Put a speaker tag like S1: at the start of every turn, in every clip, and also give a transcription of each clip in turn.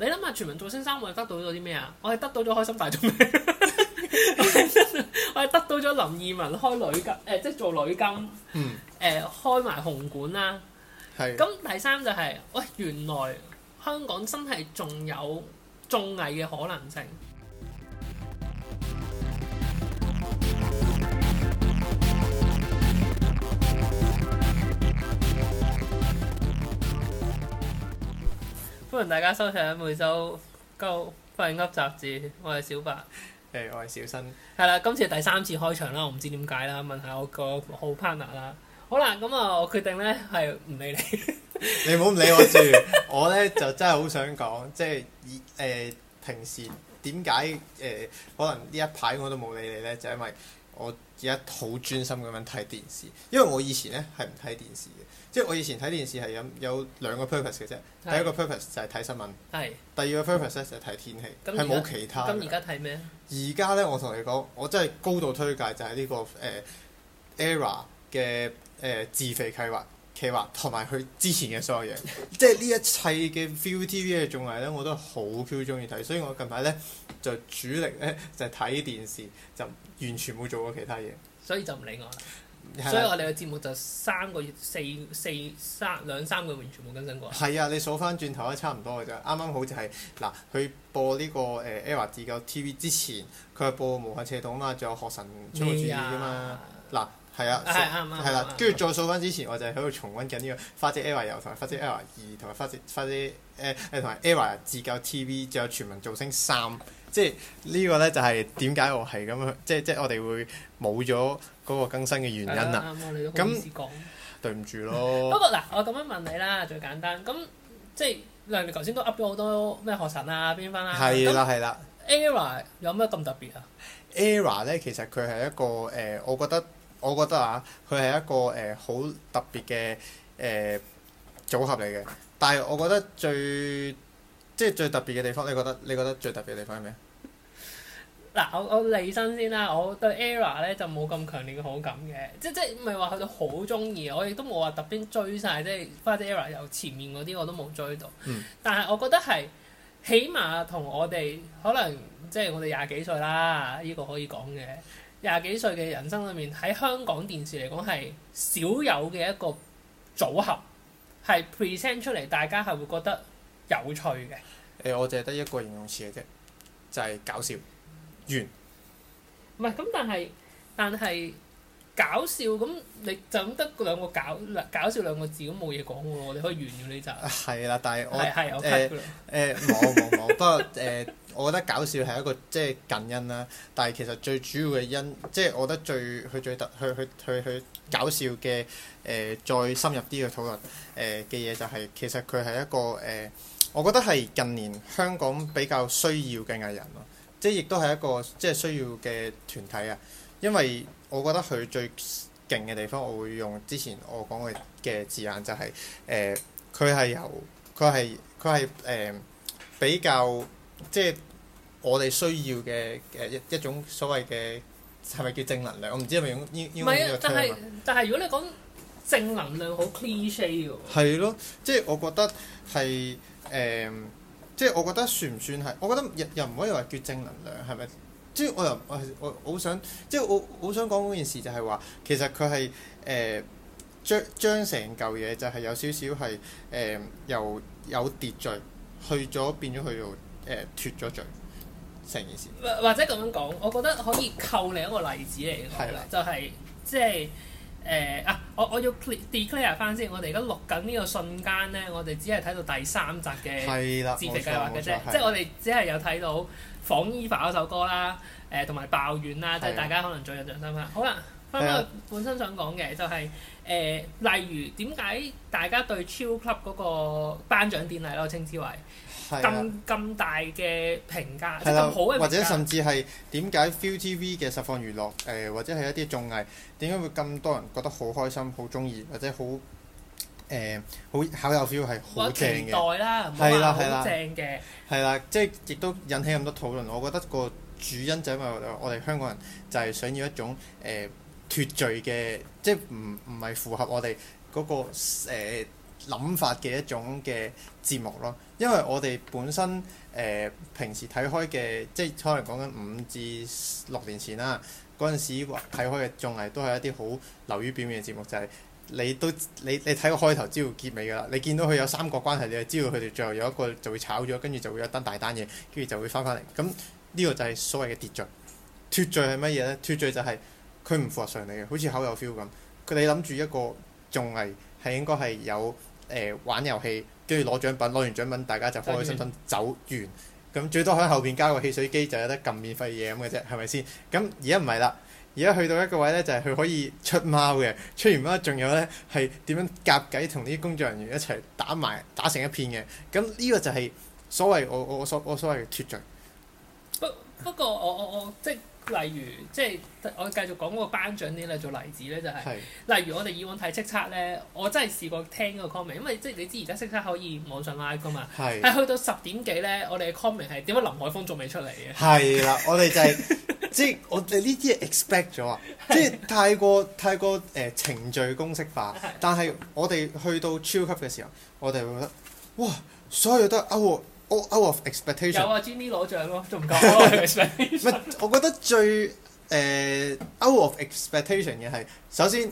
S1: 你諗下全民造星，我係得到咗啲咩啊？我係得到咗開心大綜藝， 我係得到咗林二汶開女金，誒、呃、即係做女金，誒、嗯呃、開埋紅館啦。咁的第三就係、是，喂、哎、原來香港真係仲有綜藝嘅可能性。歡迎大家收睇每週廢噏雜誌，我係小白。誒、嗯，我係小新。係啦，今次第三次開場啦，我唔知點解啦，問下我個好 partner 啦。好啦，咁、嗯、啊，我決定咧係唔理你。 你唔好唔理我住，
S2: 我咧就真係好想講，即、就、係、是、以誒、呃、平時點解誒可能呢一排我都冇理你咧，就是、因為我而家好專心咁樣睇電視，因為我以前咧係唔睇電視嘅。即係我以前睇電視係有有兩個 purpose 嘅啫，是第一個 purpose 就係睇新聞，是第二個 purpose 就係睇天氣，係冇、嗯、其他。咁而家睇咩？而家咧，我同你講，我真係高度推介就係呢、這個誒、呃、Era 嘅誒、呃、自肥計劃企劃同埋佢之前嘅所有嘢， 即係呢一切嘅 ViuTV 嘅綜藝咧，我都好 Q 鍾意睇，所以我近排咧就主力咧就係、是、睇電視，就完全冇做過其他嘢，
S1: 所以就唔理我啦。所以我哋嘅節目就三個月四四三兩三個月完全冇更新過。係
S2: 啊，你數翻轉頭都差唔多嘅咋。啱啱好似係嗱，佢播呢個誒 ERROR 自救 TV 之前，佢係播無限斜道啊嘛，仲有學神出沒注意㗎嘛，嗱，係啊，係啦，跟住再數翻之前，我就係喺度重溫緊呢個《花姐 ERROR 遊同埋《花姐 ERROR》二同埋《花姐花姐誒誒》同埋《ERROR 自救 TV》，仲有全民造星三。即係呢、這個呢，就係點解我係咁樣，即係即係我哋會冇咗嗰個更新嘅原因啦！咁對唔住咯。 不過嗱，
S1: 我咁樣問你啦，最簡單咁，即係梁傑頭先都噏咗好多咩學神啊、邊分啊，係啦係啦。ERROR 有咩咁特別啊
S2: ？ERROR 呢，其實佢係一個誒、呃，我覺得我覺得啊，佢係一個誒好、呃、特別嘅誒組合嚟嘅。但係我覺得最即係最特別嘅地方，你覺得你覺得，你覺得最特別嘅地方係咩？
S1: 嗱，我我理身先啦，我對 ERROR 咧就冇咁強烈嘅好感嘅，即即唔係話佢到好中意，我亦都冇話特別追晒，即花姐 ERROR 有前面嗰啲我都冇追到。嗯、但係我覺得係起碼同我哋可能即係我哋廿幾歲啦，呢、呢個可以講嘅廿幾歲嘅人生裏面，喺香港電視嚟講係少有嘅一個組合，係 present 出嚟，大家係會覺得有趣嘅。誒、
S2: 欸，我淨係得一個形容詞嘅啫，就係、係、搞笑。完，
S1: 唔係咁，但係但係搞笑咁，你就咁得兩個搞搞笑兩個字都，咁冇嘢講嘅我哋可以完咗呢集。係啦、啊，但係我誒誒冇冇冇，不
S2: 過誒，我覺得搞笑係一個即係近因啦。但係其實最主要嘅因，即係我覺得最佢最特佢佢佢佢搞笑嘅誒、呃、再深入啲嘅討論誒嘅嘢就係、是、其實佢係一個誒、呃，我覺得係近年香港比較需要嘅藝人咯。即係亦都係一個即係需要嘅團體啊！因為我覺得佢最勁嘅地方，我會用之前我講嘅嘅字眼就係、是、誒，佢、呃、係由佢係佢係誒比較即係我哋需要嘅誒、呃、一種所謂嘅係咪叫正能量？我唔知係咪用呢呢個詞啊！但係但係如果你講
S1: 正能量好 cliche 喎，
S2: 係咯，即係我覺得係誒。呃即係我覺得算唔算係？我覺得又又唔可以話叫正能量係咪？即係我又我我好想即係我好想講嗰件事就係話其實佢係誒將將成嚿嘢就係有少少係誒、呃、由有秩序去，去咗變咗去到誒脫咗罪成件事。
S1: 或者咁樣講，我覺得可以扣你一個例子嚟講、就係嗎就係，就係即係。誒啊、呃！我我要 declare 翻先，我哋而家錄緊呢個瞬間咧，我哋只係睇到第三集嘅節目計劃嘅啫，即係我哋只係有睇到《仿 Eva》嗰首歌啦，誒同埋爆怨啦，即係的大家可能最印象深刻。好啦，翻返去本身想講嘅就係、是、誒的、呃，例如點解大家對 Chill Club 嗰個頒獎典禮咯，我稱之為咁咁大嘅評價，咁了好嘅評價，或者甚至
S2: 係點解 ViuTV 嘅實況娛樂誒、呃，或者係一啲綜藝，點解會咁多人覺得好開心、好中意，或者好誒好考 feel 係好正嘅代啦，係啦係啦，正嘅係啦，即係亦都引起咁多討論。我覺得個主因就係因為我哋香港人就係想要一種誒脱、呃、罪嘅，即係唔唔係符合我哋嗰、嗰個、呃諗法嘅一種嘅節目咯，因為我哋本身誒、呃、平時睇開嘅，即係可能講緊五至六年前啦、啊，嗰陣時睇開嘅綜藝都係一啲好流於表面嘅節目，就係、是、你都你你睇個開頭，知道結尾㗎啦。你見到佢有三個關係，你就知道佢哋最後有一個就會炒咗，跟住就會有一單大單嘢，跟住就會翻返嚟。咁呢、這個就係所謂嘅秩序脱序係乜嘢呢？脱序就係佢唔符合常理嘅，好似口有 feel 咁。佢哋諗住一個綜藝係應該係有。誒、呃、玩遊戲，跟住攞獎品，攞完獎品大家就開開心心走完。咁最多喺後邊加個汽水機就有得撳免費嘢咁嘅啫，係咪先？咁而家唔係啦，而家去到一個位呢，就係佢可以出貓嘅，出完貓仲有呢，係點樣夾計同啲工作人員一齊打埋打成一片嘅。咁呢個就係所謂我我我我所，我所謂嘅脱罪。
S1: 不不過我我我即例如，即係我繼續講嗰個頒獎典禮做例子咧、就是，就係是。例如我哋以往睇叱咤咧，我真係試過聽嗰個 comment，因為即係你知而家叱咤可以網上 like 嘛。係是。係去到十點幾咧，我哋嘅 comment 係點解林海峰仲未出嚟嘅？係啦，我哋就係、是、 即係我哋呢啲
S2: expect 咗啊！ 即係太過太過誒、呃、程序公式化，的但係我哋去到 Chill Club 嘅時候，我哋會覺得哇，所有都啊、哦我 out of expectation 有啊，Jimmy
S1: 攞獎咯，仲唔、哦、夠、啊？唔
S2: 係， 我覺得最誒、呃、out of expectation 嘅係，首先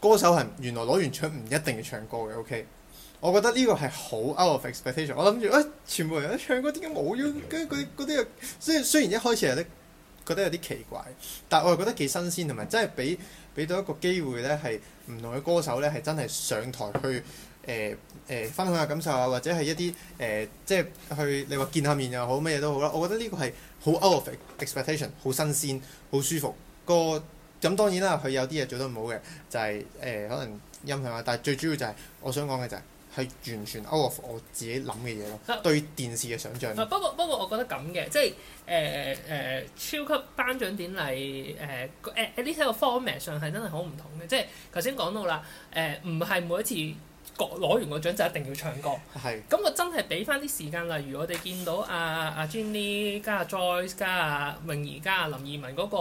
S2: 歌手係原來攞完獎唔一定要唱歌嘅，OK？我覺得呢個係好 out of expectation 我。我諗住誒，全部人都唱歌點解冇咗？跟佢嗰啲又雖雖然一開始有啲覺得有啲奇怪，但係我又覺得幾新鮮，同埋真係俾俾到一個機會咧，係唔同嘅歌手咧係真係上台去。誒誒、呃呃，分享下感受啊，或者係一啲誒、呃，即係去你話見下面又好，乜嘢都好啦。我覺得呢個係好 out of expectation，好新鮮，好舒服個咁。當然啦，佢有啲嘢做得唔好嘅，就係、是、誒、呃、可能音響啊。但係最主要就係、是、我想講嘅就係係完全 out of 我自己諗嘅嘢咯，啊、對電視嘅想像。
S1: 不過不過，我覺得咁嘅即係誒誒，超級頒獎典禮誒誒、呃、喺呢、呃、個 format 上係真係好唔同嘅。即係頭先講到啦，誒唔係每一次，攞完個獎就一定要唱歌，咁的我真係俾翻啲時間。例如我哋見到阿阿 Jenny 加阿 Joyce 加阿泳兒加阿林二汶嗰個、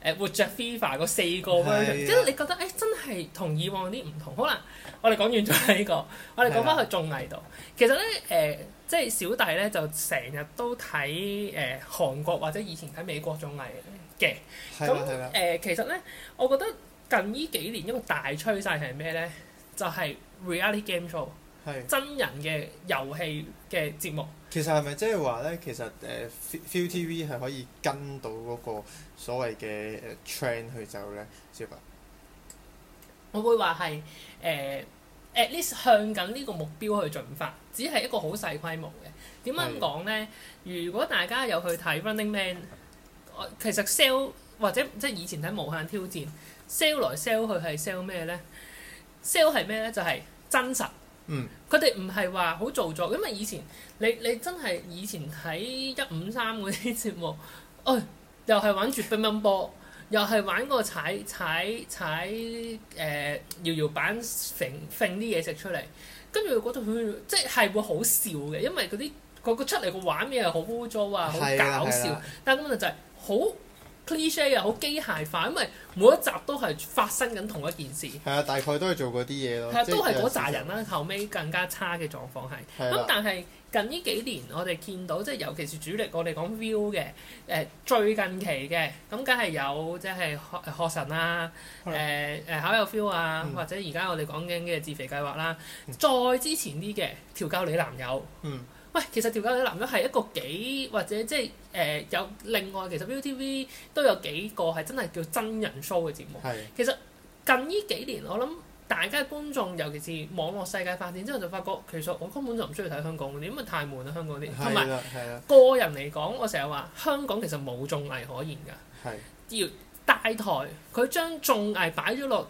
S1: 呃、活着》Fever 嗰四個的即係你覺得誒、欸、真係同以往啲唔同。好啦，我哋講完咗呢、這個，我哋講翻去綜藝度。的其實咧誒，即、呃、係、就是、小弟咧就成日都睇誒、呃、韓國或者以前睇美國綜藝嘅咁誒。其實咧，我覺得近呢幾年一個大趨勢係咩咧，就係、是。Reality game show，是真人嘅遊戲嘅節目。
S2: 其實係咪即係話咧？其實誒，Feel、呃、TV 係可以跟到嗰個所謂嘅誒、呃、trend 去走咧，小白。
S1: 我會話係誒 at least 向緊呢個目標去進發，只係一個好細規模嘅。點解咁講咧？是如果大家有去睇 Running Man，我其實 sell 或者即係以前睇無限挑戰，sell 來 sell 去係 sell 咩咧？Sale 係咩咧？就係、是、真實。嗯。佢哋唔係話好做作，因為以前你你真係以前喺一五三嗰啲節目，哎，又係玩住乒乓波，又係玩個踩踩踩誒、呃、搖搖板，揈揈啲嘢食出嚟，跟住覺得佢即係會好笑嘅，因為嗰啲嗰個出嚟個玩嘢係好污糟啊，好搞笑。啊啊、但係問題就係好 cliche 又好機械化，因為每一集都係發生緊同一件事。係啊，
S2: 大概都係做嗰啲嘢咯。係啊、 就是，都係嗰扎
S1: 人啦。後尾更加差嘅狀況係。咁 但係近呢幾年我哋見到，即係尤其是主力我哋講 view 嘅，誒、呃、最近期嘅咁梗係有即係、就是、學學神啦、啊，誒、呃、誒考有 feel 啊，或者而家我哋講緊嘅自肥計劃啦，嗯、再之前啲嘅調教你男友，嗯。喂，其實調教你男友係一個幾或者即係誒有另外，其實 ViuTV 都有幾個係真係叫真人 show 嘅節目。是的 其實近呢幾年，我諗大家觀眾尤其是網絡世界發展之後，就發覺其實我根本就唔鍾意睇香港嗰啲，因為太悶啦、啊、香港啲。同埋個人嚟講，我成日話香港其實冇綜藝可言㗎。是的 要大台佢將綜藝擺咗落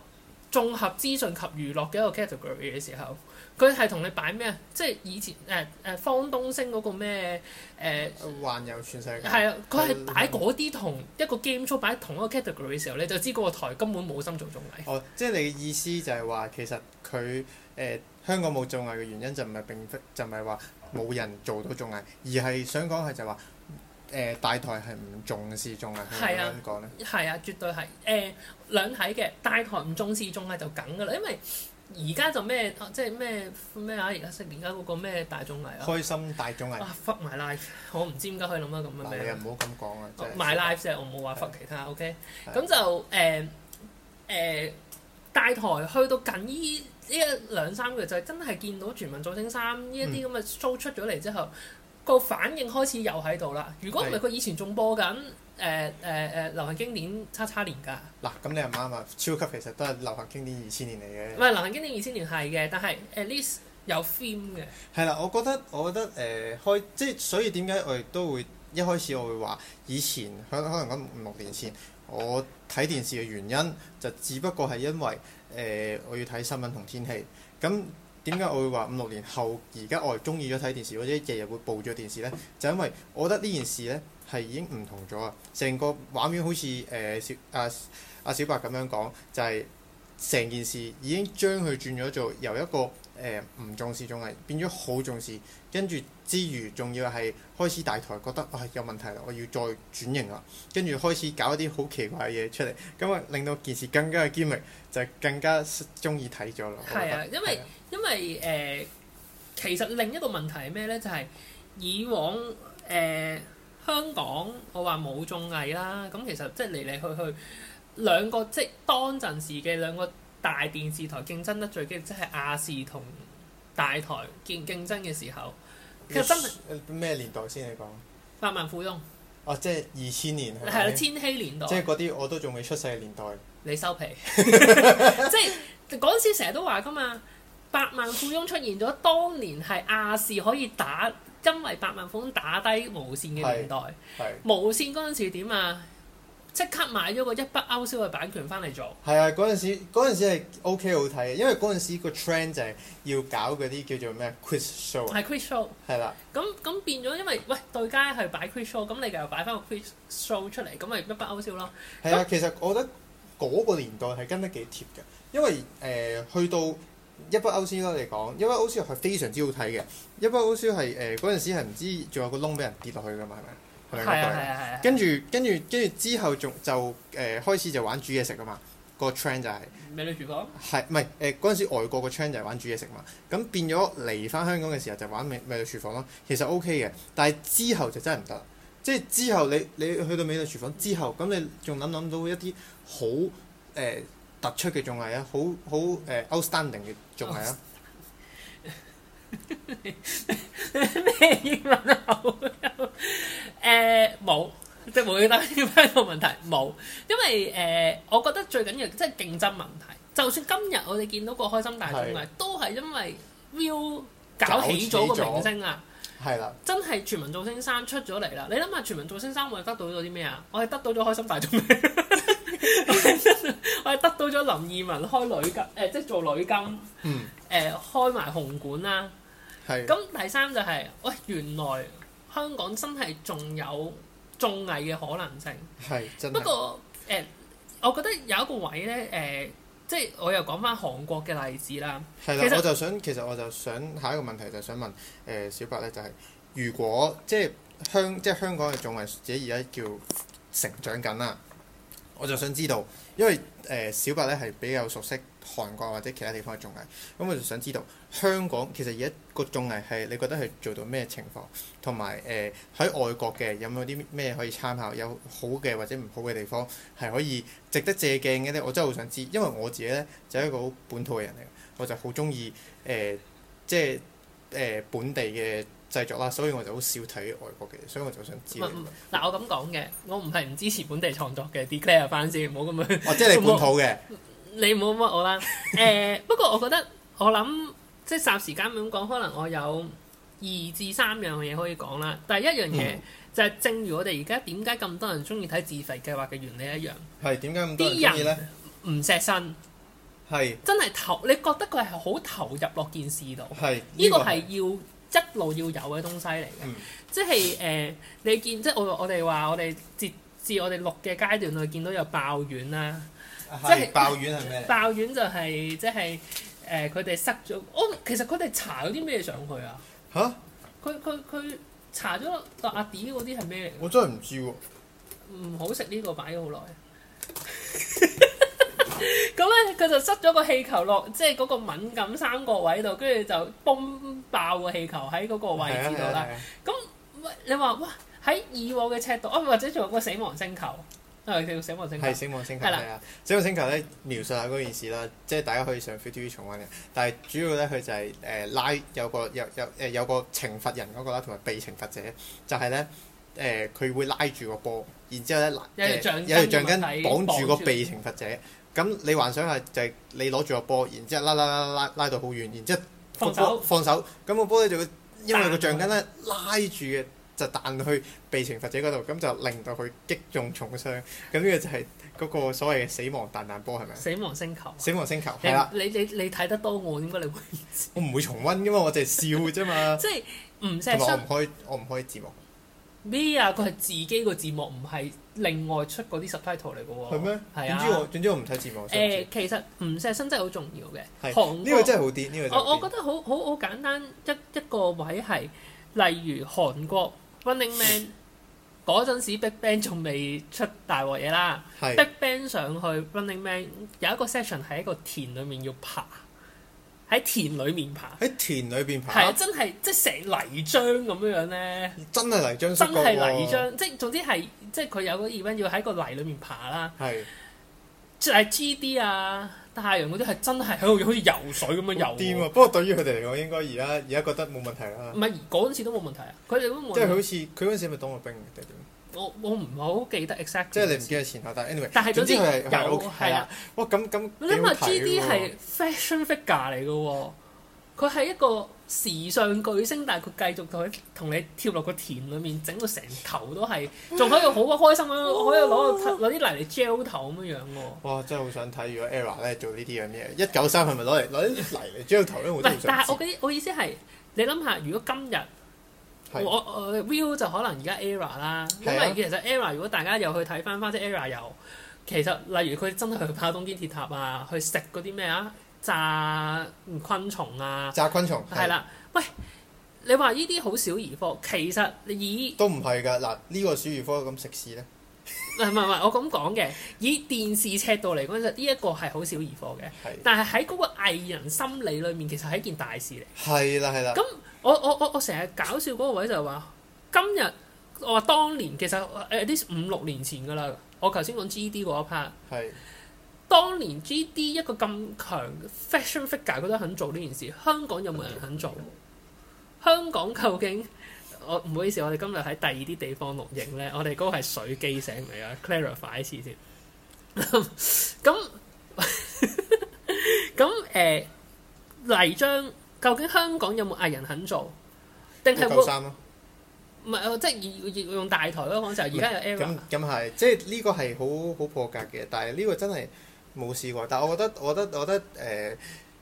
S1: 綜合資訊及娛樂嘅一個 category 嘅時候，佢係同你擺咩啊？即係以前誒誒，方東升嗰個咩誒、啊、環遊全世界係啊！佢係擺嗰啲同一個 game show 擺同一個 category 嘅時候，你就知嗰個台根本冇心做綜藝。哦，
S2: 即係你嘅意思就係話，其實佢誒、呃、香港冇綜藝嘅原因就唔係並非就唔係話冇人做到綜藝，而係想講係就係話。誒、呃、大台係唔重視綜藝，點講
S1: 咧？係啊，絕對係誒、呃、兩睇嘅。大台唔重視綜藝就梗噶啦，因為而家就咩即係咩咩啊？而家識而家嗰個咩大綜藝啊？開
S2: 心大綜藝啊
S1: ！Fuck my life！我唔知點解可以諗到咁嘅嘢。你唔好咁講啊 My life 啫，我冇話 fuck 其他。OK，咁的就誒誒、呃呃、大台去到近呢依一,一兩三個就真係見到全民造星三呢一啲咁嘅 show 出咗嚟之後。嗯個反應開始又喺度啦！如果唔係，佢以前仲播緊誒誒誒流行經典叉叉年㗎。嗱、
S2: 啊，咁你又啱啊！超級其實都係流行經典二千年嚟嘅。唔係流
S1: 行經典二千年係嘅，但係 at least 有 theme 嘅。
S2: 係啦，我覺得我覺得誒、呃、開即係所以點解我亦都會一開始我會話以前響可能咁五六年前我睇電視嘅原因就只不過係因為誒、呃、我要睇新聞同天氣咁。點解我會話五六年後而家我係中意咗睇電視，或者日日會播咗電視呢？就因為我覺得呢件事呢係已經唔同咗啊！成個畫面好似誒、呃、小啊啊小白咁樣講，就係、是、成件事已經將佢轉咗做由一個。誒唔、呃、重視綜藝，變咗好重視。跟住之餘，仲要係開始大台覺得啊有問題啦，我要再轉型啦。跟住開始搞一啲好奇怪嘅嘢出嚟，咁啊令到件事更加嘅堅迷就更加鍾意睇咗啦。係啊，因
S1: 為、啊、因為誒、呃，其實另一個問題係咩呢？就係、是、以往誒、呃、香港，我話冇綜藝啦。咁其實即係嚟嚟去去兩個，即係當陣時嘅兩個。大電視台競爭得最激即係亞視同大台競競爭嘅時候，其實真
S2: 係咩年代先你講？
S1: 百萬富翁
S2: 哦、啊，即係二千年係咯，千禧年代，即係嗰啲我都仲未出世嘅年代。你收皮，
S1: 即係嗰陣時成日都話㗎嘛，百萬富翁出現咗，當年係亞視可以打，因為百萬富翁打低無線嘅年代，無線嗰陣時點啊？即刻買咗個一筆勾銷嘅版權翻嚟做。
S2: 係啊，嗰陣時嗰陣時係 O K 好睇嘅，因為嗰陣時個 trend 就係要搞嗰啲叫做咩 quiz show。係 quiz show。係啦、
S1: 啊。咁咁變咗，因為喂對街係擺 quiz show，咁你就又擺翻個 quiz show 出嚟，咁咪一筆勾銷咯。
S2: 係啊，其實我覺得嗰個年代係跟得幾貼嘅，因為誒、呃、去到一筆勾銷嚟講，一筆勾銷係非常之好睇嘅。一筆勾銷係誒嗰陣時係唔知仲有個窿俾人跌落去㗎嘛，係咪？係啊，係啊，跟住跟住跟住之後仲就誒、呃、開始就玩煮嘢食啊嘛，個 trend 就係、是、
S1: 美女廚
S2: 房。係唔係誒嗰陣時外國個 trend 就係玩煮嘢食嘛？咁變咗嚟翻香港嘅時候就玩美美女廚房咯。其實 OK 嘅，但係之後就真係唔得啦。即係之後你你去到美女廚房之後，咁你仲諗諗到一啲好誒突出嘅仲係啊？好好誒、呃、outstanding 嘅仲係啊？
S1: 回答翻個問題，冇，因為誒、呃，我覺得最緊要即係競爭問題。就算今日我哋見到個開心大綜藝啊，是都係因為 Viu 搞起咗個明星啊，係啦，真係全民造星三出咗嚟啦。你諗下，全民造星三的我係得到咗啲咩啊？我係得到咗開心大綜藝， 我係得到咗林二汶開女金誒、呃，即係做女金，誒、嗯呃、開埋紅館啦。係咁的第三就係、是，喂、呃、原來香港真係仲有。綜藝嘅可能性係，真，不過誒、呃，我覺得有一個位呢，誒、呃，即係我又講翻韓國嘅例子啦。係啦，其實我
S2: 就想，其實我就想下一個問題，就想問誒、呃、小白呢，就係、是、如果即係香即係香港嘅綜藝，自己而家叫成長緊啦，我就想知道，因為誒、呃、小白呢係比較熟悉，韓國或者其他地方嘅綜藝，咁、嗯、我就想知道香港其實而家個綜藝係你覺得係做到咩情況，同埋誒喺外國嘅有冇啲咩可以參考，有好嘅或者唔好嘅地方係可以值得借鏡嘅呢？我真係好想知，因為我自己呢就係、是、一個好本土嘅人嚟，我就好中意誒即係誒本地嘅製作啦，所以我就好少睇外國嘅，所以我就想
S1: 知、嗯。嗱、嗯、我咁講嘅，我唔係唔支持本地創作嘅，declare 翻先，唔好咁樣。 哦，即、就、係、是、你本土嘅。嗯嗯。你唔好屈我啦，誒、呃、 不過我覺得我諗即係霎時間咁講，可能我有二至三樣嘢可以講啦。第一樣嘢、嗯、就係正如我哋而家點解咁多人中意睇自肥計劃嘅原理一樣，
S2: 係點解咁多人中意咧？
S1: 唔錫身係是真係投你覺得佢係好投入落件事度係，呢、呢個係要一路要有嘅東西嚟嘅、嗯呃，即係誒你見即係我我哋話我哋自自我哋錄嘅階段去見到有爆丸啦。即係爆丸係咩爆丸就係、是、即係誒，佢、呃、哋塞咗，哦，其實佢哋搽咗啲咩上去啊？吓、啊？佢佢佢搽咗阿阿 D 嗰啲係咩嚟？我真係唔知喎、啊。唔好食 呢個擺咗好耐。咁咧，佢就塞咗個氣球落，即係嗰個敏感三角位度，跟住就崩爆個氣球喺嗰個位置度啦。咁、啊啊啊啊、你話哇，喺以往嘅尺度，我、啊、或者仲有個死亡星球。係死
S2: 亡星球啦，死亡星球咧，描述下嗰件事啦，即係大家可以上 ViuTV 重温嘅。但係主要咧，佢就係誒拉有個有有誒有個懲罰人嗰個啦，同埋被懲罰者就係咧誒，佢會拉住個波，然之後咧有條橡筋綁住個被懲罰者。咁你幻想下就係你攞住個波，然之後拉拉拉拉拉到好遠，然之後放手放手，咁個波咧就會因為個橡筋咧拉住嘅。就彈去被懲罰者嗰度，咁就令到佢擊中重傷，咁呢個就係嗰個所謂嘅死亡彈彈波，係咪？死亡星球。死亡星球。係啊了。
S1: 你你你睇得多我，點解你會？我
S2: 唔會重温㗎嘛，我淨係笑啫嘛。 即係唔錫身唔可我唔可，可以字幕。
S1: 咩、嗯、嗎啊？佢係自己個字幕，唔係另外出嗰啲 subtitle 嚟㗎喎。係咩？係啊。
S2: 點知我唔睇字幕？誒，
S1: 其實唔錫身真係好重要嘅。呢是國個真係好啲，呢、這個我我覺得好好好簡單，一一個位係例如韓國。Running Man 嗰陣 時，BigBang 仲未出大鑊嘢啦。是 BigBang 上去 Running Man 有一個 session 係一個田裏面要爬，喺田裏面爬。
S2: 喺田裏邊爬。係真
S1: 係即係成泥漿咁樣咧。真係泥漿。真係泥漿，即係、啊、總之係即係佢有個 event 要喺個泥裏面爬啦。係是。即係 GD 啊！太陽嗰啲係真係喺度好似游水咁樣游，啊，癲喎！不過
S2: 對於佢哋嚟講，應該而家而家覺得冇問題啦。唔係嗰陣時都冇問題啊！
S1: 佢哋都冇。即係好
S2: 似佢嗰陣時咪當過兵
S1: 定係點？我我唔係好記得 exactly。即係你唔記得前後，但係 anyway。但係總之係有係啊！哇！咁咁幾睇諗下 G D 係 fashion figure 嚟㗎喎，佢係一個。時尚巨星，但係佢繼續同同你跳落個田裏面，整到成頭都係，仲可以好開心啊！哇可以攞個攞啲泥嚟將頭咁樣樣
S2: 喎。哇！真係好想睇，如果 ERROR 咧做呢啲咁嘅嘢，一九三係咪攞嚟攞啲泥嚟將頭咧？唔但係我
S1: 啲，我意思係，你諗下，如果今日是我我 Viu、呃、就可能而家 ERROR 啦，啊、因為其實 ERROR 如果大家又去睇翻翻啲 ERROR 又，其實例如佢真係去跑東京鐵塔啊，去食嗰啲咩啊？炸昆蟲啊！炸昆蟲係啦，喂，你話呢啲好小兒科，其實以都
S2: 唔係㗎嗱，呢個小兒科咁食屎咧，
S1: 唔係唔係唔係，我咁講嘅，以電視尺度嚟講，呢一個係好小兒科嘅，係，但係喺嗰個藝人心理裏面，其實係一件大事嚟，係啦係啦，咁我我我我成日搞笑嗰個位就係話，今日我話當年其實誒啲五六年前㗎啦，我頭先講 G D 嗰 part 係。當年 GD 一個咁強 fashion figure，佢都肯做呢件事。香港有冇人肯做？香港究竟，我唔好意思，我哋今日喺第二啲地方錄影咧，我哋嗰個係水機醒嚟啊！Clarify 一次先。咁咁誒，泥漿究竟香港有冇藝人肯做？定係冇？唔係 59 3，即係用大台咯講就，而家 有 a i 咁咁係，
S2: 即係呢、這個係好好破格嘅，但係呢個真係。冇試過，但係我覺得，我覺得，我覺得，誒、呃、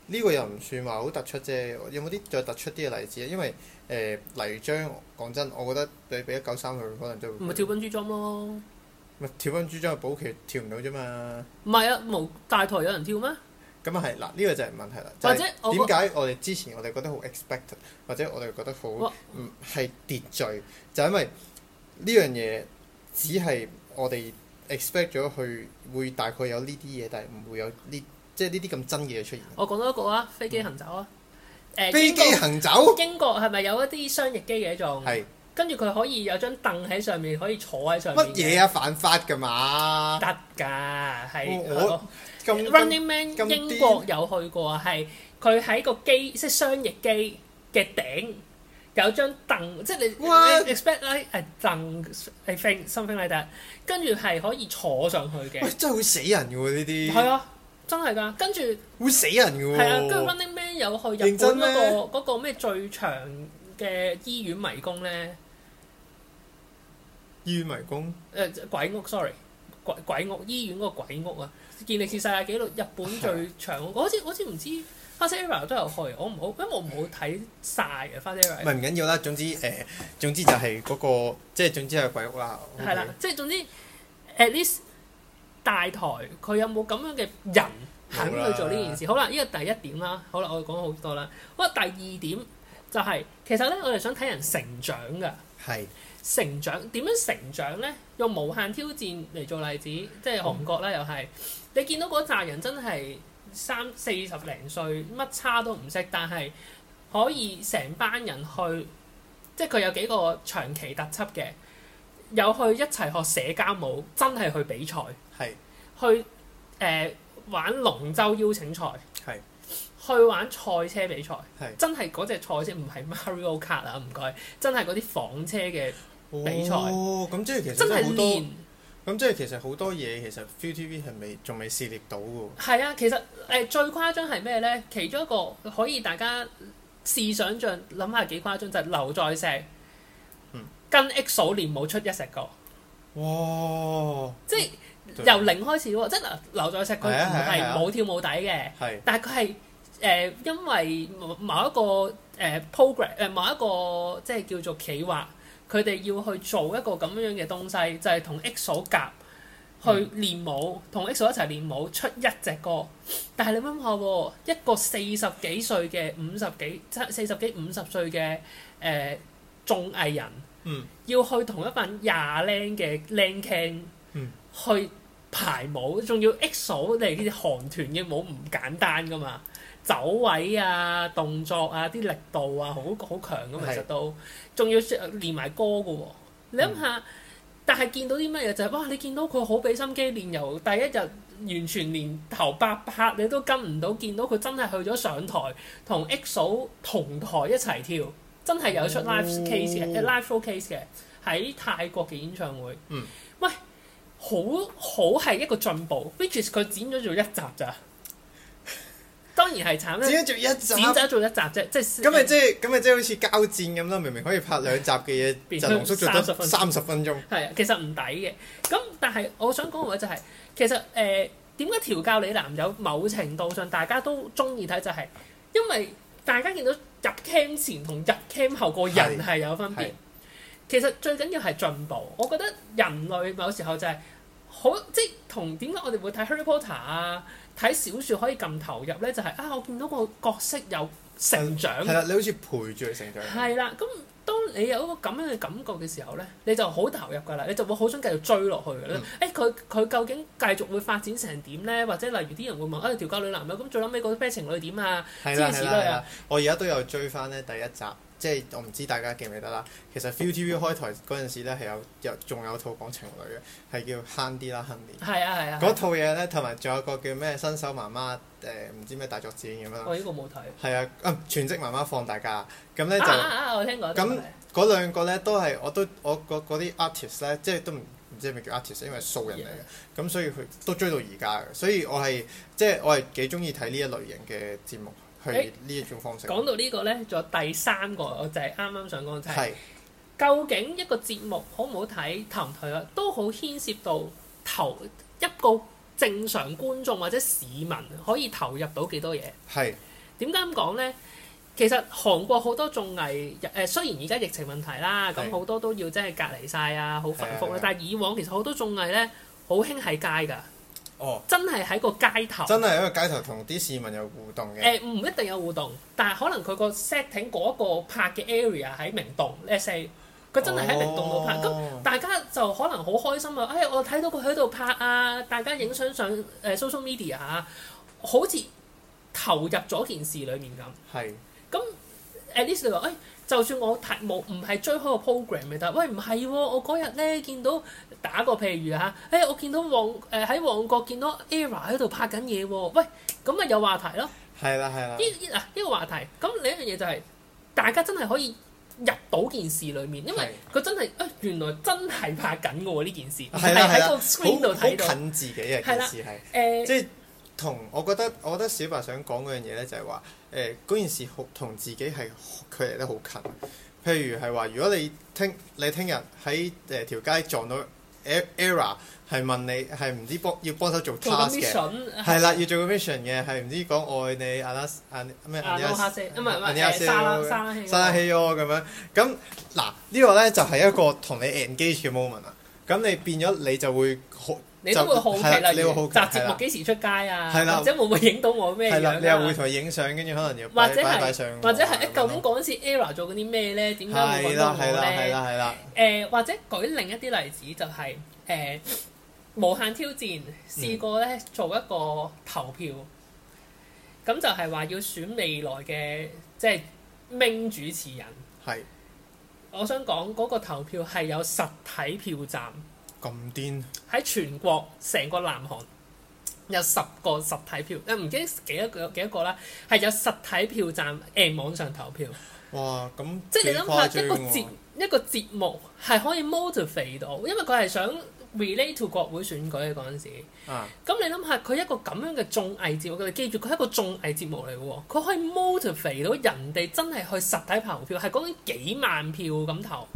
S2: 呢個又唔算話好突出啫。有冇啲再突出啲嘅例子咧？因為誒，黎章講真，我覺得俾俾一九三佢可能就唔係跳翻珠章咯。咪跳跳珠豬章，保期跳唔到啫嘛。唔係啊，冇，啊、大台有人跳咩？咁啊係嗱，呢個就係問題啦。或者點解我哋之前我哋覺得好 expect 或者我哋覺得好唔係秩序？就係、因為呢樣嘢只係我哋。expect 咗佢會大概
S1: 有呢啲嘢，但係唔會有呢即係呢啲咁真嘅嘢出現。我講多一個啊，飛機行走啊，誒、嗯呃、飛機行走英國係咪有一啲雙翼機嘅一種？係跟住佢可以有張凳喺上面，可以坐喺上面。乜嘢啊？犯法㗎嘛？得㗎係 Running Man 咁英國有去過，係佢喺個機即係雙翼機嘅頂。有張凳，即係你 What? expect 咧係凳係 thing something like that，跟住係可以坐上去嘅。喂，oh，
S2: 真係會死人
S1: 嘅喎呢啲。係啊，真係㗎，跟住會死人嘅喎。係啊，跟住 Running Man 有去日本嗰、那個嗰個咩最長嘅醫院迷宮咧。醫院迷宮？誒、呃，鬼屋，sorry，鬼屋鬼屋，醫院嗰個鬼屋啊！健力士世界紀錄，oh。日本最長，我好似好似唔知。花式 a v 都有去。我唔好，因為我唔好睇晒。花式唔係唔
S2: 緊要啦，總之誒、呃，總之就係嗰、那個，即係總之係鬼屋啦。係、okay? 啦，
S1: 即係總之，at least 大台佢有冇咁樣嘅人
S2: 肯去做呢件事？
S1: 了好啦，呢個第一點啦。好啦，我講好多啦。哇，第二點就係、是、其實咧，我哋想睇人成長㗎。係是成長，點樣成長咧？用無限挑戰嚟做例子，即係韓國啦，又係、嗯、你見到嗰扎人真係。三四十零歲，乜差都唔識，但係可以成班人去，即係佢有幾個長期特輯嘅，有去一齊學社交舞，真係去比賽，係是去誒、呃、玩龍舟邀請賽，係是去玩賽車比賽，係是真係嗰隻賽車唔係 Mario Kart 啊，唔該，真係嗰啲房車嘅比賽，
S2: 哦，咁即係其實真係好
S1: 多。咁即係其實好多嘢其實 ViuTV 係未
S2: 仲未涉獵到㗎喎。
S1: 係啊，其實誒、呃、最誇張係咩咧？其中一個可以大家試想像諗下幾誇張，就係、劉在石，嗯、跟 X 數年冇出一石個。哇！即係、嗯、由零開始喎，即係嗱，劉在石佢係冇跳冇底嘅。係是。但係佢係誒因為某一個誒 program 誒某一個、呃、某一個即係叫做企劃。佢哋要去做一個咁樣樣嘅東西，就係、是、同 EXO 夾去練舞，同 EXO 一齊練舞出一隻歌。但係你諗下喎，一個四十幾歲嘅五十幾、即四十幾五十歲嘅誒、呃、綜藝人，嗯、要去同一班廿靚嘅靚 King 去排舞，仲要 EXO 你呢啲韓團嘅舞唔簡單㗎嘛？走位啊、動作啊、啲力度啊，好好強咁，其實都仲的要練埋歌嘅喎、啊。你諗下，嗯、但係見到啲乜嘢就係、是、哇！你見到佢好俾心機練，由第一日完全連頭八拍你都跟唔到，見到佢真係去咗上台同 X 組同台一齊跳，真係有出 live case 嘅，live show case 嘅喺泰國嘅演唱會。嗯，喂，好好係一個進步 which is 佢剪咗做一集咋。當然係慘啦，做只做一集，只做一集啫，即係咁咪即係
S2: 咁咪即係好似交戰咁咯。明明可以拍兩集嘅嘢，就濃縮做得三
S1: 十分鐘，係啊，其實唔抵嘅。咁但係我想講嘅話就係、是，其實誒點解調教你男友，某程度上大家都中意睇，就係因為大家見到入 cam 前同入 cam 後個人係有分別。其實最緊要係進步，我覺得人類某時候就係、是。好即係同點解我哋會睇 Harry Potter 啊？睇小説可以咁投入咧，就係、是、啊！我見到個角色有成
S2: 長，係啦、嗯，你好似陪住佢成長。
S1: 係啦，咁當你有一個咁樣嘅感覺嘅時候咧，你就好投入㗎啦，你就會好想繼續追落去㗎啦。誒、嗯，佢佢、欸、究竟繼續會發展成點咧？或者例如啲人會問啊、哎，調教女男友咁，最撚尾嗰 pair 情侶點啊？支持都係啊！
S2: 我而家都有追翻咧第一集。即係我唔知大家記唔記得啦。其實 ViuTV 開台嗰陣時咧，係有有仲有套講情侶嘅，係叫慳啲啦慳啲。
S1: 係啊係啊。嗰、啊、
S2: 套嘢咧，同埋仲有個叫咩新手媽媽誒唔、呃、知咩大作戰咁樣。我呢、哦這個冇睇。係啊，全職媽媽放大假。咁咧就。啊、啊我聽過。咁嗰那、啊、兩個咧都係我都我嗰啲 artists 咧，即係都唔唔知係咪叫 artist，因為素人嚟嘅。咁 Yeah. 所以佢都追到而家嘅，所以我係即係我係幾中意睇呢一類型嘅節目。呢一、哎、種方式，講到
S1: 個呢個咧，仲有第三個，就係啱啱上講就係、是，是究竟一個節目好唔好睇，投唔投入，都好牽涉到投一個正常觀眾或者市民可以投入到幾多嘢。係點解咁講咧？其實韓國好多綜藝，誒、呃、雖然而家疫情問題啦，咁好是多都要即係隔離晒啊，好繁複啦。但係以往其實好多綜藝咧，好興喺街㗎。哦！真係喺個街頭，真係喺個街頭
S2: 同啲市民有互動嘅。誒
S1: 唔、欸、一定有互動，但係可能佢個 setting 嗰個拍嘅 area 喺明洞，即係佢真係喺明洞度拍。咁、哦、大家就可能好開心啊！誒、哎，我睇到佢喺度拍啊，大家影相上誒 social media 吓，好似投入咗件事裡面咁。係是。咁 at least 話誒。就算我題目唔係追開個 program 嘅，但係喂唔係喎，我嗰日咧見到打個譬如吓，哎我見到旺誒喺旺角見到 Era 喺度拍緊嘢喎，喂咁咪有話題咯。
S2: 係啦係啦。呢
S1: 呢呢個話題，咁另一樣嘢就係大家真係可以入到件事裡面，因為佢真係啊原來真係拍緊嘅呢件事，係喺個 screen 度睇到。近
S2: 自己嘅件事係。誒，即係同我覺得，我覺得小白想講嗰樣嘢咧，就係話。誒嗰件事好同自己係距離得好近，譬如係話，如果你聽你聽日喺誒條街撞到 Era，係問你係唔知幫要幫手做 task 嘅，係啦，要做個 mission 嘅，係唔知講愛你阿拉，阿咩阿啦，啊唔係啊，沙拉沙拉氣沙拉氣咗咁樣，咁嗱呢個咧就係一個同你 engage 嘅 moment 啊，咁你變咗你就會。你都會好奇啦，你會好奇，集節目幾
S1: 時出街啊？或者了會唔會影到我咩樣、啊？你又會同佢
S2: 影相，跟住可能又或者係，啊、或
S1: 者係，究竟嗰陣時 Aira 做緊啲咩咧？點解會分到我咧？誒、呃，或者舉另一啲例子，就係、是、誒、呃、無限挑戰試過咧，做一個投票，咁、嗯、就係話要選未來嘅即係名主持人。
S2: 係對，
S1: 我想講嗰、那個投票係有實體票站。咁癲！喺全國成個南韓有十個實體票，誒唔記得幾多個幾多個啦，係有實體票站誒網上投票。
S2: 哇！咁即係你諗下、啊，一個節
S1: 一個節目係可以 motivate 到，因為佢係想 relate to 國會選舉嘅嗰陣時。咁、啊、你諗下，佢一個咁樣嘅綜藝節目，你記住佢係一個綜藝節目嚟嘅喎，佢可以 motivate 到人哋真係去實體投票，係講緊幾萬票咁投票。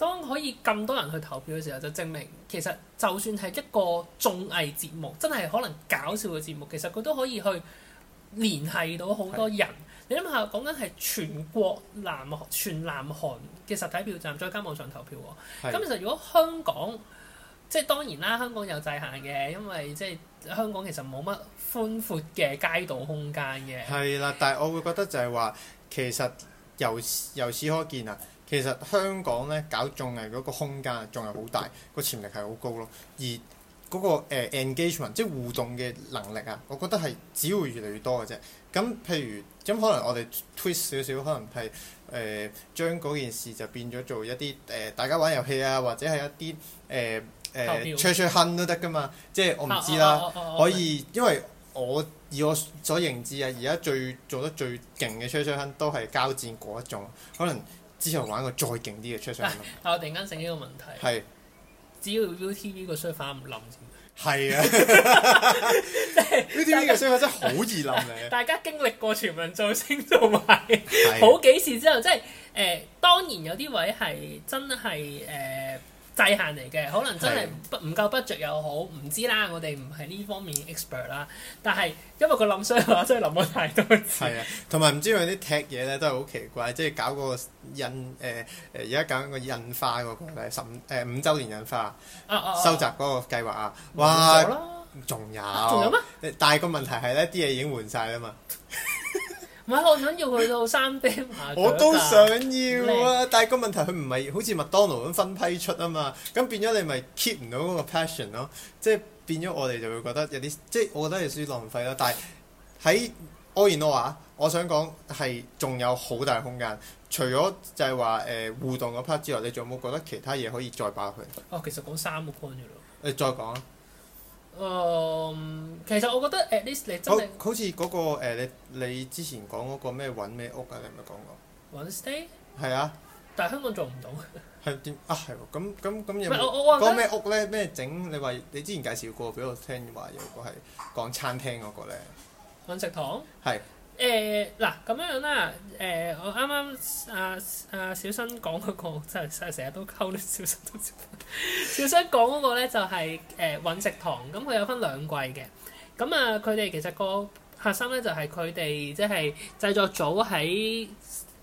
S1: 當可以咁多人去投票嘅時候，就證明其實就算係一個綜藝節目，真係可能搞笑嘅節目，其實佢都可以去聯繫到好多人。是的 你諗下，講緊係全國南全南韓嘅實體票站，再加上網上投票喎。咁是的 其實如果香港，即係當然啦，香港有制限嘅，因為即係香港其實冇乜寬闊嘅街道空間嘅。係
S2: 啦，但係我會覺得就係話，其實由由此可見啊。其實香港咧搞綜藝嗰個空間仲係好大，個潛力係好高咯。而嗰、嗰個、呃、engagement，即係互動嘅能力啊，我覺得係只會越嚟越多嘅啫。咁譬如咁，可能我哋 twist 少少，可能係誒將嗰件事就變咗做一啲誒、呃、大家玩遊戲啊，或者係一啲誒誒 treasure hunt 都得㗎嘛。即係我唔知啦，oh, oh, oh, oh, oh, 可以因為我以我所認知啊，而家最做得最勁嘅 treasure hunt 都係膠戰嗰一種，可能。之前玩過再勁啲嘅出上，
S1: 但我突然間醒起個問題，係是只要 U T V 個沙發唔冧先，係啊！U T V 嘅沙發真係好易冧嘅，啊啊。大家經歷過全民造星同埋好幾次之後，即係誒，當然有啲位係真係誒。呃制限嚟嘅，可能真係不唔夠不着又好，唔的知啦。我哋唔係呢方面 expert 啦。但係因為佢諗衰話真係諗咗太多次。係啊，
S2: 同埋唔知有啲踢嘢咧都係好奇怪，即係搞個印誒誒，而、呃、家搞一個印花個十、呃、五誒五週年印花啊啊啊啊收集嗰個計劃啊！哇，仲有仲有咩？但係個問題係咧，啲嘢已經換晒啦嘛。
S1: 唔係， 我想要去到三倍麻我都想要
S2: 啊，但係個問題佢唔係好似麥當勞咁分批出啊嘛，咁變咗你咪 keep 唔到嗰個 passion 咯。即係變咗我哋就會覺得有啲，即、就、係、是、我覺得有少少浪費咯。但係喺 all in all 話，我想講係仲有好大空間除。除咗就係話誒互動嗰 part 之外，你仲有冇覺得其他嘢可以再爆佢？
S1: 哦，其實講三個 point 啫
S2: 喎。你再講啊！
S1: 誒，um, 其實我覺得 at least、
S2: oh, 好、那個，似嗰個你你之前講嗰個咩揾咩屋啊？你係咪講過 Wednesday 係啊，
S1: 但係香港做唔到。
S2: 係點啊？係喎，咁咁咁有冇講咩屋咧？咩整？你話你之前介紹過俾我聽，話有個係講餐廳嗰個咧，
S1: 揾食堂係。誒嗱咁樣樣啦，誒我啱啱啊啊小新講嗰個真係成日都溝你，小新都小新講嗰個咧就係誒搵食堂，咁佢有分兩季嘅，咁、嗯、啊佢哋其實個核心咧就係佢哋即係製作組喺誒。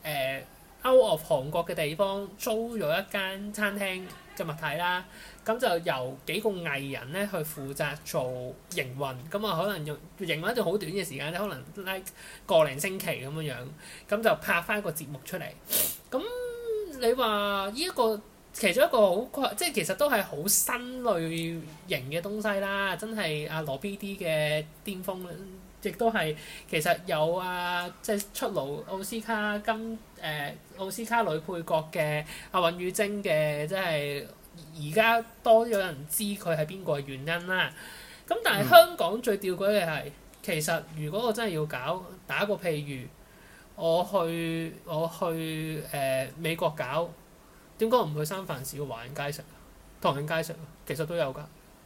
S1: 呃歐、俄、韓國嘅地方租咗一間餐廳嘅物體啦，咁就由幾個藝人呢去負責做營運，咁啊可能用營運一段好短嘅時間，呢可能 like 個零星期咁樣樣，咁就拍返個節目出嚟。咁你話呢一個其中一個好，即係其實都係好新類型嘅東西啦，真係阿羅 B D 嘅巔峯亦都係其實有啊，即係出爐奧斯卡金誒、呃、奧斯卡女配角嘅阿尹宇貞嘅，即係而家多咗人知佢係邊個原因啦。咁但係香港最吊詭嘅係其實，如果我真係要搞打一個譬如，我去我去誒、呃、美國搞，點解唔去三藩市華人街食，唐人街食其實都有㗎，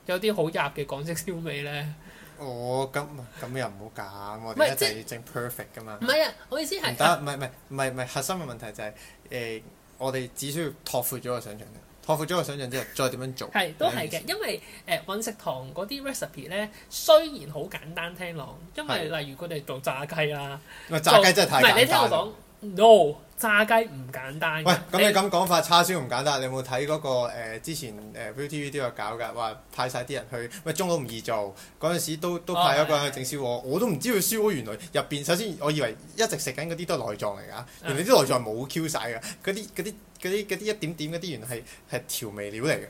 S1: 有啲好入嘅港式燒味咧。哦、
S2: 是我咁咁，又唔好咁，我哋一齊要整 perfect 噶嘛。唔係啊，
S1: 我意思係唔得，唔
S2: 係唔係唔係核心嘅問題就係、是、誒、呃，我哋只需要拓闊咗個想像，拓闊咗個想像之後再點樣做。係都係嘅，因
S1: 為誒揾、呃、食堂嗰啲 recipe 咧，雖然好簡單聽落，因為例如佢哋做炸雞啦、啊，唔係是炸雞真係太簡單。
S2: No 炸
S1: 雞唔簡單，喂、欸、簡單。喂、欸，
S2: 咁你咁講法叉燒唔簡單。你有冇睇嗰個、呃、之前誒、呃、ViuTV 都有搞㗎，話派晒啲人去，咪中都唔易做。嗰陣時都都派咗個人去整燒鵝，欸、我都唔知佢燒鵝原來入邊。首先我以為一直食緊嗰啲都係內臟嚟㗎，原來啲內臟冇 Q 晒㗎。嗰啲嗰啲嗰啲嗰啲一點點嗰啲原來係係調味料嚟嘅。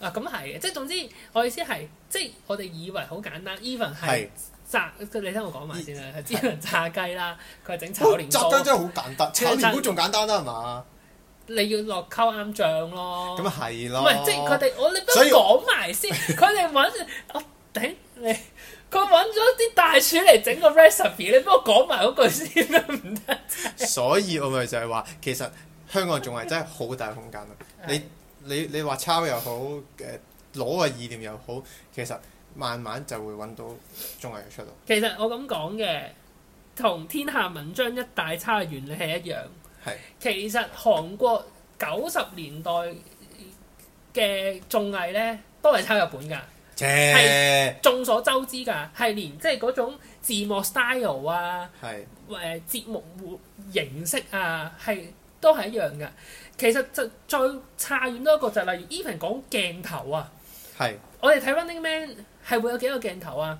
S1: 啊，咁係嘅，即係總之我意思係，即係我哋以為好簡單，even 係。是是炸佢，你聽我講埋先啦。係只對炸雞啦，佢係整炒年糕。炸雞真係好
S2: 簡單，炒年糕
S1: 仲簡單啦，係嘛炒？吧你要落溝啱醬咯。咁咪
S2: 係咯。唔係，即係佢哋，
S1: 我你都講埋先。佢哋揾我頂你，佢揾咗啲大廚嚟整個 recipe。你幫我講埋嗰句先得唔得？
S2: 所以，我咪、 哎啊、就係話， 其實香港仲係真係好大空間咯。 你你你話抄又好，誒攞個意念又好，其實。慢慢就會揾到綜藝嘅出路。
S1: 其實我咁講嘅，同天下文章一大抄嘅原理係一樣。
S2: 係是。
S1: 其實韓國九十年代嘅綜藝咧，都係抄日本㗎。即
S2: 係嘯。
S1: 眾所周知㗎，係連即係嗰種字幕 style 啊，係是。誒、呃、節目形式啊，係都係一樣㗎。其實就再差遠多一個就係例如 Evan 講鏡頭啊。
S2: 係是。
S1: 我哋睇 Running Man。係會有幾個鏡頭啊？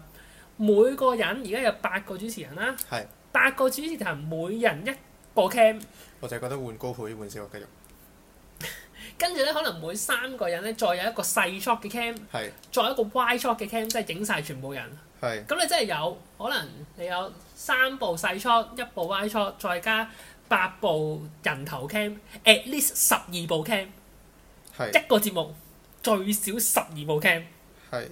S1: 每個人而家有八個主持人啦、啊，係八是個主持人，每人一個 cam。
S2: 我就係覺得換高配換小個繼續，
S1: 跟住咧可能每三個人咧再有一個細 shot 嘅 cam，係再一個 wide shot 嘅 cam，即係影晒全部人。係咁是，你真係有可能你有三部細 shot，一部 wide shot，再加八部人頭 cam，at least 十二部 cam，係是一個節目最少十二部 cam，係。是是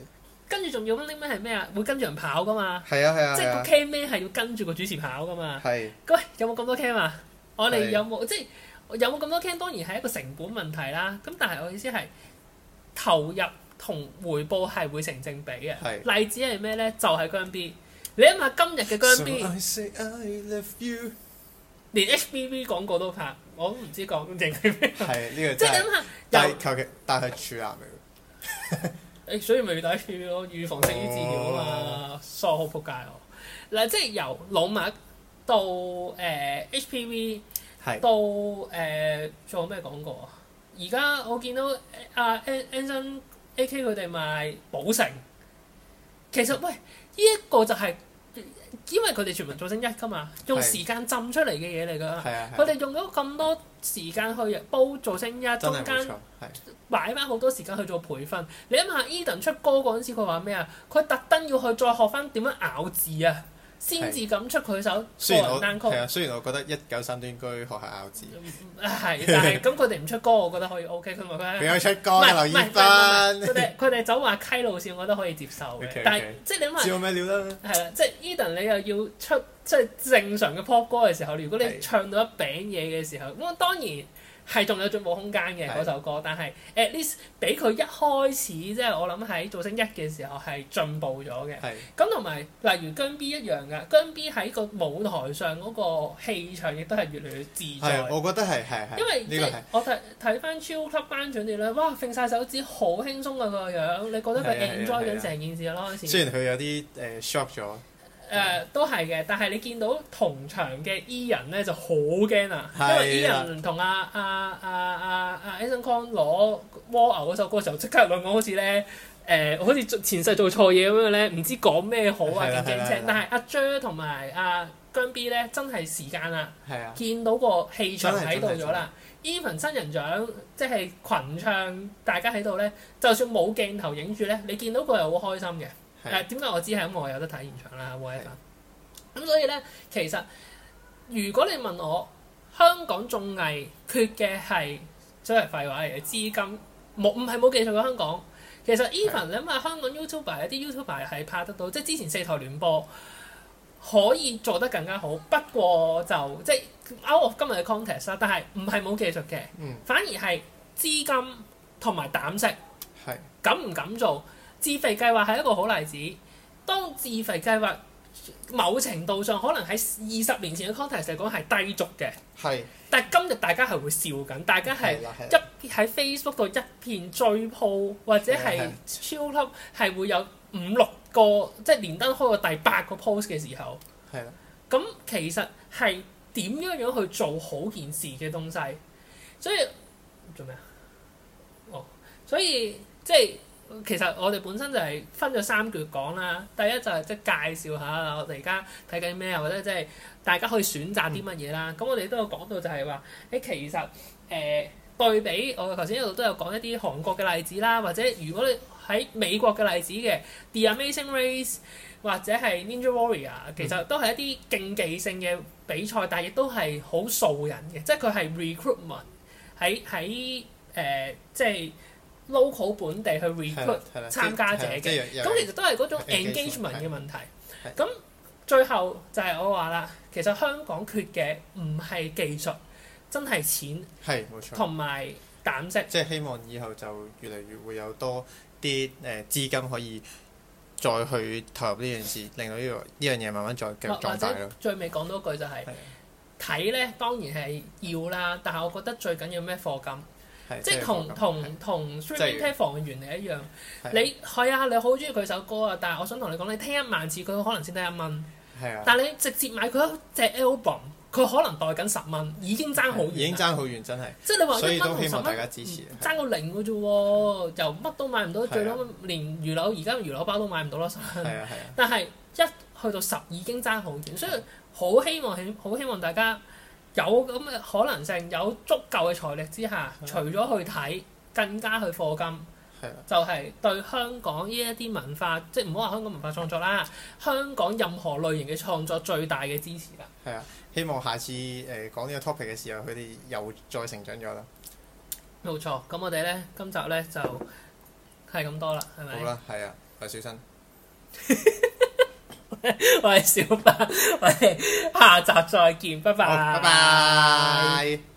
S1: 跟住仲要呢？咩係咩啊？會跟住人跑噶嘛？係啊係啊，啊即係 cam 咩係要跟住個主持跑噶嘛？係是。喂、嗯，有冇咁多 cam 啊？我哋有冇是即係有冇咁多 cam？當然係一個成本問題啦。咁但係我意思係投入同回報係會成正比嘅。是例子係咩咧？就係、是、姜 B。你諗下今日嘅姜 B，、so、I I 連 HBB 廣告都拍，我都唔知講影咩。
S2: 係呢、呢個真。即係你諗下有求其，但係處男嚟。
S1: 誒、欸、所以咪要打咯，預防勝於治療啊嘛，疏好仆街哦。嗱、啊，即係由老麥到誒、呃、H.P.V. 到誒仲是、呃、有咩講過啊？而家我見到阿、呃、An Anson A.K. 佢哋賣保城。其實喂，呢、這、一個就係、是。因為佢哋全民造星一㗎嘛，用時間浸出嚟嘅嘢嚟㗎。係啊。佢哋用咗咁多時間去煲造星一，星中間擺翻好多時間去做培訓。的你諗下，Edan 出歌嗰陣時，佢話咩啊？佢特登要去再學翻點樣咬字啊！先至敢出佢首單曲。啊，
S2: 雖然我覺得一九三端應該學下咬字。係、
S1: 嗯哎，但係咁佢哋唔出歌，我覺得可以 OK。佢咪佢。佢有出歌，留意返。佢哋佢哋走話溪路線，我都可以接受 okay, okay. 但係即係你諗下，咩、就是、料得。係啦，即、就、係、是、Edan，你又要出即係、就是、正常嘅 pop 歌嘅時候，如果你唱到一餅嘢嘅時候，咁啊 當然。係仲有進步空間嘅嗰首歌，但係 at least 俾佢一開始即係我諗喺造星一嘅時候係進步咗嘅。咁同埋例如姜 B 一樣㗎，姜 B 喺個舞台上嗰個氣場亦都係越嚟越自在。我覺
S2: 得係係係。因為即係
S1: 我睇睇翻超級頒獎典禮，哇，揈曬手指好輕鬆啊個樣，你覺得佢 enjoy 緊成件事咯。雖然佢
S2: 有啲誒 shock 咗。
S1: 誒、呃、都係嘅，但係你見到同場嘅 E 人咧就好驚的啊！因為 E 人同阿阿阿阿阿 Eason Kong 攞蝸牛嗰首歌嘅時候，即刻兩講好似咧誒，好似前世做錯嘢咁樣咧，唔知講咩好啊，勁驚的。但係阿 j 同埋阿姜 B 咧，真係時間啊，的見到個氣場喺度咗啦。Even 新人獎即係群唱，大家喺度咧，就算冇鏡頭影住咧，你見到佢係好開心嘅。誒，點解我知係因為我有得睇現場啦 William 咁所以咧，其實如果你問我香港綜藝缺嘅係，都係廢話嚟嘅，資金冇唔係冇技術嘅香港。其實 Even 你諗下香港 YouTuber，有啲是 YouTuber 係拍得到，即係之前四台聯播可以做得更加好。不過就即 Out Of 今日嘅 context 啦，但係唔係冇技術嘅，嗯、反而係資金同埋膽識，是敢唔敢做？自肥計劃係一個好例子。當自肥計劃某程度上可能喺二十年前嘅 context 嚟講係低俗嘅，係的。但係今日大家係會笑緊，大家係一喺 Facebook 度一片追 po 或者係 Chill Club 係會有五六個即係連登開個第八個 post 嘅時候，係啦的。咁其實係點樣樣去做好件事嘅東西？所以做咩啊？哦、oh,，所以即係。其實我哋本身就係分咗三句講啦，第一就係即係介紹下我哋而家睇緊咩，或者即係大家可以選擇啲乜嘢啦。咁、嗯、我哋都有講到就係話，誒其實誒、呃、對比我頭先一路都有講一啲韓國嘅例子啦，或者如果你喺美國嘅例子嘅 The Amazing Race 或者係 Ninja Warrior、嗯、其實都係一啲競技性嘅比賽，但係亦都係好素人嘅，即係佢係 recruitment 喺喺誒、呃、即係。local 本地去 recruit 參加者嘅，咁其實都係嗰種 engagement 嘅問題。咁最後就係我話啦，其實香港缺嘅唔係技術，真係錢，係
S2: 冇錯，同埋膽識。即係希望以後就越嚟越會有多啲誒、呃、資金可以再去投入呢件事，令到呢、呢個呢樣嘢慢慢再繼續壯大咯。
S1: 最尾講多句就係睇咧，當然係要啦，但係我覺得最緊要咩課金。即係同同同 streaming 嘅原理一樣。你係啊，你好中意佢首歌啊，但係我想同你講，你聽一萬次佢可能先得一蚊。係啊。但係你直接買佢一隻 album 佢可能代緊十蚊，已經爭好遠。已經爭好遠，真係。即係你話一蚊同十蚊。所以都希望大家支持。爭到零嘅啫喎，就乜都買唔到，最多連魚柳而家魚柳包都買唔到咯，十蚊。係啊係啊。但係一去到十已經爭好遠，所以好希望好希望大家。有咁嘅可能性，有足夠嘅財力之下，嗯、除咗去睇，更加去課金，的就係對香港呢一啲文化，即係唔好話香港文化創作啦，香港任何類型嘅創作最大嘅支持啦。
S2: 係啊，希望下次誒、呃、講呢個 topic 嘅時候，佢哋又再成長咗啦。
S1: 冇錯，咁我哋咧今集咧就係咁多啦，係咪？好啦，
S2: 係啊，我小新。
S1: 我係小巴， 我哋下集再見，拜拜。拜拜。